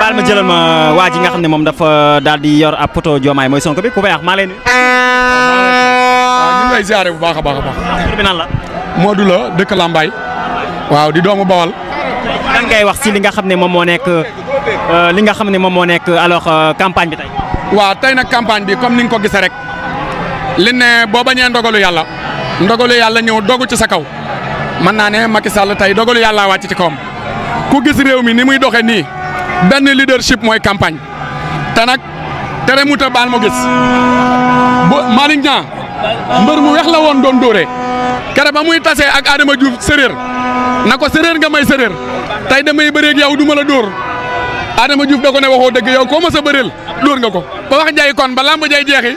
baal ma jëlal ma waa ji nga xam ne dafa daal di yor ab poto joomaay mooy sonko bi ku baax maa leen ñu lay bu baax bi nan la Modou la waaw di doomu Bawal lan ngay wax si li nga xam ne moom moo nekk li nga xam ne moom moo alors campagne bi tey waaw tey nag campagne bi comme ni ko gisee rek li ne eh, boo bañee ndogalu ndogalu dogu ci sa kaw ne Macky Sall dogalu ci ku gis mi ni muy benn leadership mooy campagne te nag tere mu ta baal ma gis ba Malick Niang mbër mu weex la woon doon dóore kere ba muy tasee ak Adama Diouf séréer na ko séréer nga may séréer tey damay bëreeg yow du ma la dóor Adama Diouf da ko ne waxoo dëgg yow koo ma sa bëreel dóor nga ko ba wax jay kon ba lamb jay jeexi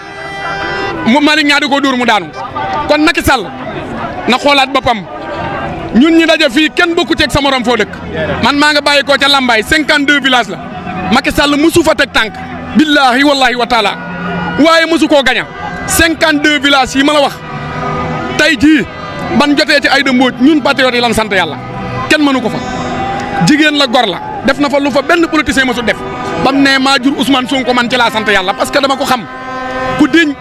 mu Malick Niang di ko dóor mu daanu kon Macky Sall na xoolaat boppam ñun ñi dajé fi kenn bokku teeg sa morom fo dëkk man ma nga bayiko koo ca lambaay 52 village la Macky Sall musu fa teg tànk billahi wallahi wa taala waye musu koo gaña 52 village yi mala wax tay ji ban jotee ci ay de mbóoj ñun patriote yi lan sante yalla kenn mënu ko fa jigen la gor la def na fa lu fa benn politicien musu def bam né ma jur Ousmane Sonko man ci la sante yalla parce que dama ko xam ku diñ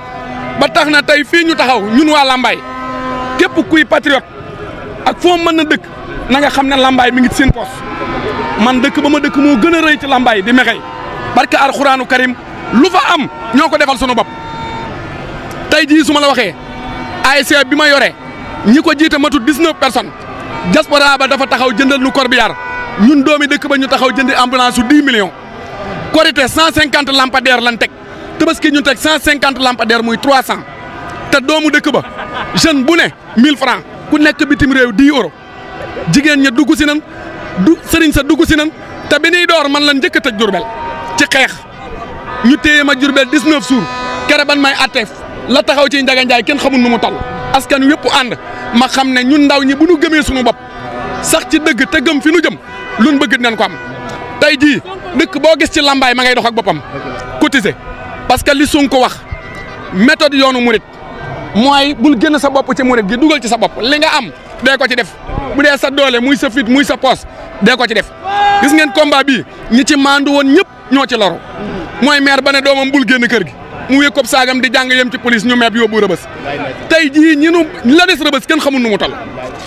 ba taxna tay fi ñu taxaw ñun wa lambay kep kuy patriote ak foo mën na dëkk na nga xam ne lambaay mi ngi ci seen poos man dëkk ba ma dëkk moo gën a rëy ci lambaay di mexey barke alxuraanu karim lu fa am ñoo ko defal sunu bopp tey jii su ma la waxee ASC bi ma yore ñi ko jiite matul 19 personnes diaspora ba dafa taxaw jëndal nu corbillard ñun doomi dëkk ba ñu taxaw jëndi ambulance su 10 millions korité 150 lampadaire lan teg tabaski ñu teg 150 lampadaire muy 300 te doomu dëkk ba jeune bu ne 1000 francs ku nekk bitim réew 10 euros jigéen ña dugg si nan du sëriñ sa dugg si nan te bi ñuy door man lan njëkk a tëj Jurbel ci xeex ñu téye ma Jurbel 19 jours kere ban may atteef la taxaw ci Njaga kenn xamul nu mu toll askan wépp ànd ma xam ne ñun ndaw ñi bu ñu gëmee suñu bopp sax ci dëgg te gëm fi nu jëm luñ bëgg dinañ ko am tey jii dëkk boo gis ci lambaay ma ngay dox ak boppam cotiser parce que li Sonko wax méthode yoonu mu murit mooy bul génn sa bopp ci murit gi dugal ci sa bopp li nga am dee ko ci def bu dee sa doole muy sa fit muy sa poos dee ko ci def gis ngeen combat bi ñi ci maandu woon ñëpp ñoo ci loru mooy maire ba ne doomam bul génn kër gi mu wékkob saagam di jàng yem ci police ñu meeb yóbbu rëbës tey jii ñi nu la des rëbës kenn xamu nu mu toll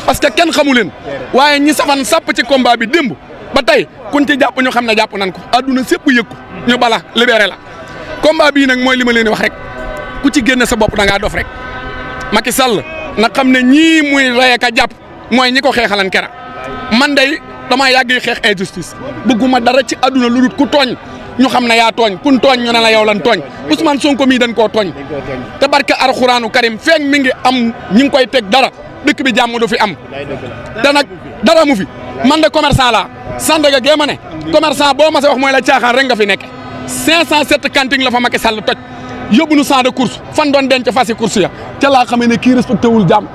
parce que kenn xamu leen waaye ñi safan sapp ci combat bi démb ba tey kuñ ci jàpp ñu xam ne jàpp nan ko adduna sépp yëg ñu bala libéré la combat bii nag mooy li ma leen di wax rek ku ci génn sa bopp da ngaa rek Macky Sall na xam ne ñii muy rey ak a jàpp mooy ñi ko xeexalan kera man day damaa yàgg xeex injustice bëgguma dara ci àdduna lu dul ku tooñ ñu xam ne yaa tooñ kun tooñ ñu ne la yow lan tooñ Ousmane Sonko mii dañ koo tooñ te barke Alxuraanu Karim feek mi ngi am ñi ngi koy teg dara dëkk bi jàmm du fi am te nag dara mu fi man de commerçant laa Sandaga gee ma ne commerçant boo mase sa wax mooy la caaxaan rek fi nekk 507 cantine la fa Macky Sall toj yóbbu nu de course fan don denc fasé course ya té la xamé né ki respecté wul jam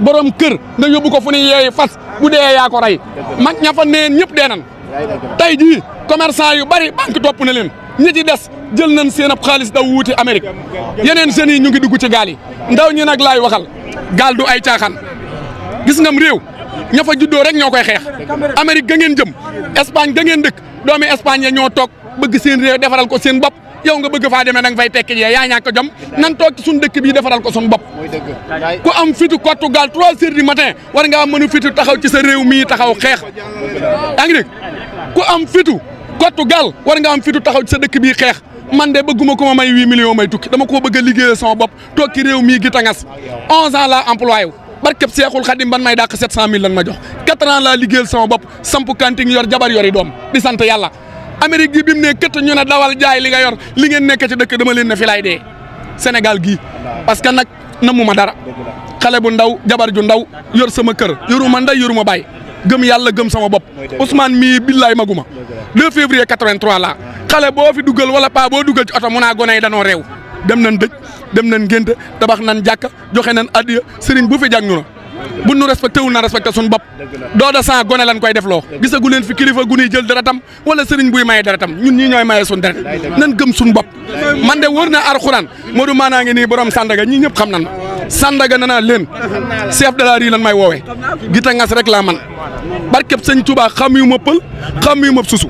borom kër na yóbbu ko funi yéy fas bu dee ya ko ray mag ña fa né ñëpp nan tay ji commerçant yu bari bank top na leen ñi ci dess jël nañ seen ab xaliss da wuti Amérique yenen seen yi ñu ngi dugg ci gal yi ndaw ñi nak lay waxal gal du ay tiaxan gis ngam réew ña fa juddo rek ñokoy xex Amérique ga ngeen jëm Espagne ga ngeen dëkk doomi Espagne ya ñoo tok bëgg seen rew défaral ko seen bop yow nga bëgg fa demee da nga fay tekki jee yaa ñàkk jom nan toog ci dëkk bii defaral ko suñu bopp ku am fitu kottu gaal trois heures matin war ngaa mën a fitu taxaw ci sa réew mii taxaw xeex yaa ngi dégg ku am fitu kottu gaal war nga am fitu taxaw ci sa dëkk bii xeex man de bëgguma ko ma may huit millions may tukki dama ko bëgg a liggéeyal sama bopp toog ci réew mii gi tangas onze ans laa employé wu barkeb seexul xadim ban may dàq sept cent mille lan ma jox quatre sama bopp samp kanting yor jabar yori doom di sant yàlla Amérique gi bi mu ne këtt ñu ne dawal jaay li nga yor li ngeen nekk ci dëkk dama leen ne fi laay dee Sénégal gii parce que nag namu ma dara xale bu ndaw jabar ju ndaw yor sama kër yoruma nday yoruma baay gëm yàlla gëm sama bopp Ousmane mii billaay maguma 2 février 83 la xale boo fi dugal wala paa boo dugal ci oto mun a gone yi danoo réew dem nañ dëj dem nañ ngénte tabax nañ jàkka joxe nan addiya sëriñ bu fi jàng ñu na bu nu respecté wul na respecté suñu bopp dooda sans gone lan koy def loo gisagu leen fi kilifa gu ñuy jël deretam wala sëriñ buy maye deretam ñun ñi ñooy maye suñu deret nan gëm suñu bopp man de wër na arxuraan Modou maanaa ngi nii borom Sandaga ñi ñëpp xam nan ma nana leen chef de la rue lan may woowee gita ngas rek laa man barkeb sëñ Tuubaa xam yu ma pël xam yu ma susu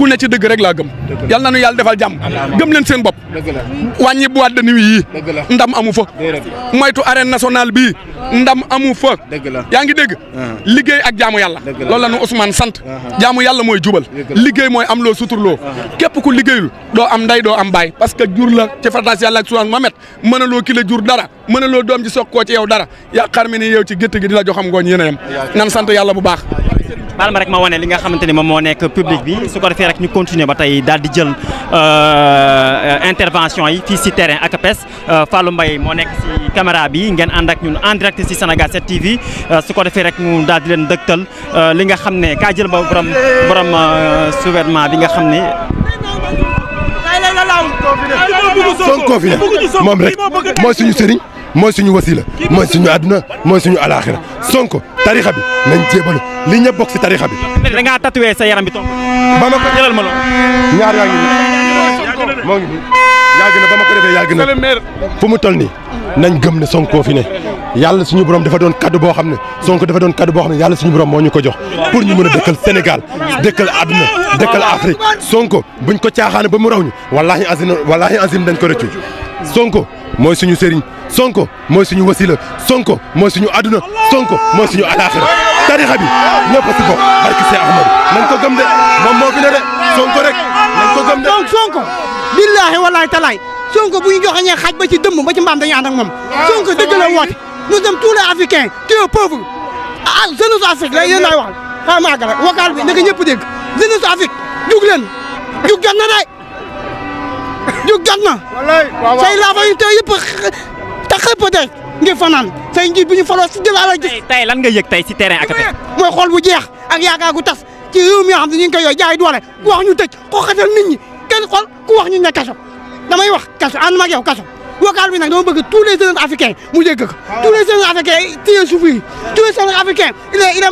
ku ne ci dëgg rek laa gëm yal na nu yàlla defal jàmm gëm leen seen bopp wàññi boîte de nuit yi ndam amu fa moytu arène nationale bii ndam amu fa yaa ngi dégg ah. liggéey ak jaamu yàlla lool la nu Ousmane sant ah. jaamu yàlla mooy jubal liggéey mooy am loo suturloo ah. képp ku liggéeyul doo am nday doo am baay parce que jur la ci fartas yàlla ak suan mamet mën a loo ki la jur dara mën a loo doom ji soog koo yow dara yaa xar mi ci gétt gi di la joxam ngooñ yéen a yem nan sant yàlla bu baax baal rek ma wane li nga xamante ni moom moo nekk public bi su ko defee rek ñu continuer ba tay daal di jël euh, intervention yi fii si terrain ak APES euh, Fallou mbay moo nekk si caméra bi ngeen ànd ak ñun en direct si Sénégal 7 TV euh, su ko defee rek ñu daal di leen dëgtal li nga xam ne kaa jël ba borom borom souverainement bi nga xam ne. Sonko fi moom rek mooy suñu sëriñ. mooy suñu wasila mooy suñu àdduna mooy suñu alaaxira Sonko tarixa bi nañ jébalu li ñëpp bokk si tarixa bi. da ngaa tatoué sa ma ma lool. ñaar yaa ngi nii moo ngi nii yaa gën a mu toll nii nañ gëm ne Sonko fi ne. yàlla suñu borom dafa doon kaddu boo xam ne Sonko dafa doon kaddu boo xam ne yàlla suñu borom moo ñu ko jox pour ñu mën a dëkkal Sénégal dëkkal àdduna dëkkal Afrique Sonko buñ ko caaxaane ba mu raw ñu wallaahi azim wallaahi azim dañ ko rëccu Sonko mooy suñu sëriñ Sonko mooy suñu wasila Sonko mooy suñu àdduna Sonko mooy suñu alaaxira tarixa bi ñëpp a si bokk barki ko gëm de moom moo fi ne de Sonko rek nañ ko gëm de. donc Sonko billaahi walaahi talaay Sonko bu ñu joxañee xaj ba ci dëmm ba ci mbaam dañuy ànd ak moom. Sonko dëgg la woote nous sommes tous les Africains qui est pauvre ah jeunesse Afrique la yéen laay wax xaaral ma àgg bi naka ñëpp dégg jeunesse Afrique jug leen jug jot na de. jug jot na. say laafayintee yëpp taxaw peut-être ngir fanaan say njiit bi ñu faloo si dina la gis. tey lan nga yëg tey si terrain ak mooy xool bu jeex ak yaakaar ku tas ci réew mi xam ne ñu ngi koy yooyu jaay doole ku wax ñu tëj xooxatal nit ñi kenn xool ku wax ñu ne kaso damay wax kaso ànd ma ak yow kaso. vocal bi nag dama bëgg tous les jeunes africains mu dégg ko ah. tous les jeunes africains téye suuf yi tous les jeunes africains il est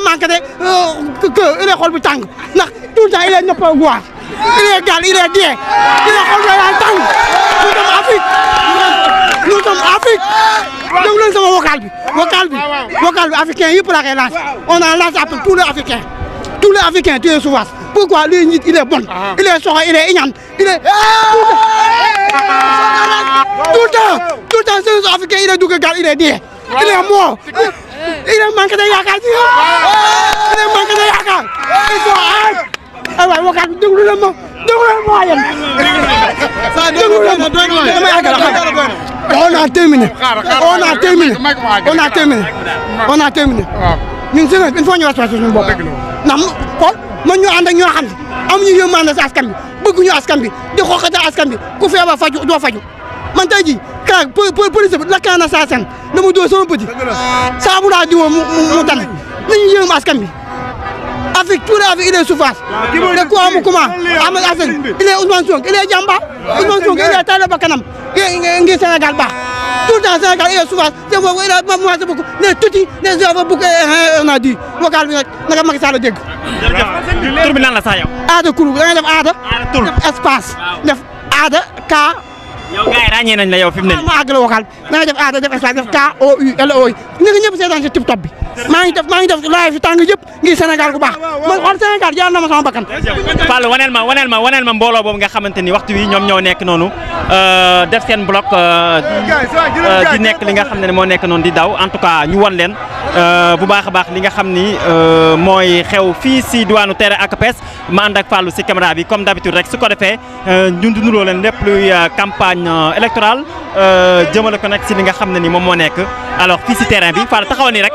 euh, bu tàng ndax tout le temps il illégal il est bien dina xool ba daan taxaw nous sommes Afrique nous sama vocal bi vocal bi vocal bi africain yëpp laa koy lancé on a lancé appel tous les Africains tous les Africains tu es souvent pourquoi le njiit il est bon il est soxor il est iñaan il est tout le temps tout le temps seen Africain ay waay wakaat déglu na ma déglu na ma yéen. saa déglu na ma déglu na ma yàgg la xam on a terminé on a terminé on a terminé on a terminé ñun jeunesse il faut ñu respecté suñu bopp ndax kon man ñu ànd ak ñoo xam ne amuñu yërmande si askan bi bëgguñu askan bi di xoqate askan ku feebar faju doo faju man tey jii CREC po police na saa seen dama dóor sama petit saabu laa diwoo mu mu mu tane nañu bi. Afrique tout l'Afrique il est souffrance de quoi mu comment Ahmed Assane il est Ousmane Sonko il est jàmbaar Ousmane Sonko il est Talba Kanam ngir Sénégal tout le Sénégal il est souffrance c'est moi il a moi c'est beaucoup Les tuuti les java beaucoup on a dit vocal bi nag naka Macky Sall dégg tur bi nan la sax yow aada kuru da ngay def aada def espace def aada ka yow gars yi ràññee nañ la yow fi mu ne ma àgg la vocal da ngay def aada def espace def K O U L O ñu ngi ñëpp seetaan ci TikTok bi maa ngi def maa ngi def fi tàng yëpp ngir Sénégal gu baax man xool Sénégal jaar na ma sama bakkan Fallou waneel ma waneel ma waneel ma mbooloo boobu nga xamante ni waxtu wi ñoom ñoo nekk noonu euh, def seen bloc euh, euh, di nekk li nga xam ne moo nekk noonu di daw en tout cas ñu wan leen bu baax a baax li nga xam ni mooy xew fii si diwaanu Tere ak Pes ma ànd ak Fallou si caméra bi comme d'habitude rek si ko defee ñun du nuroo leen lépp luy campagne électorale jëmale ko nag si nga xam ne ni moom moo nekk alors fii si terrain bi Fallou taxawal nii rek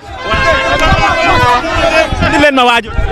andi leen ma waaju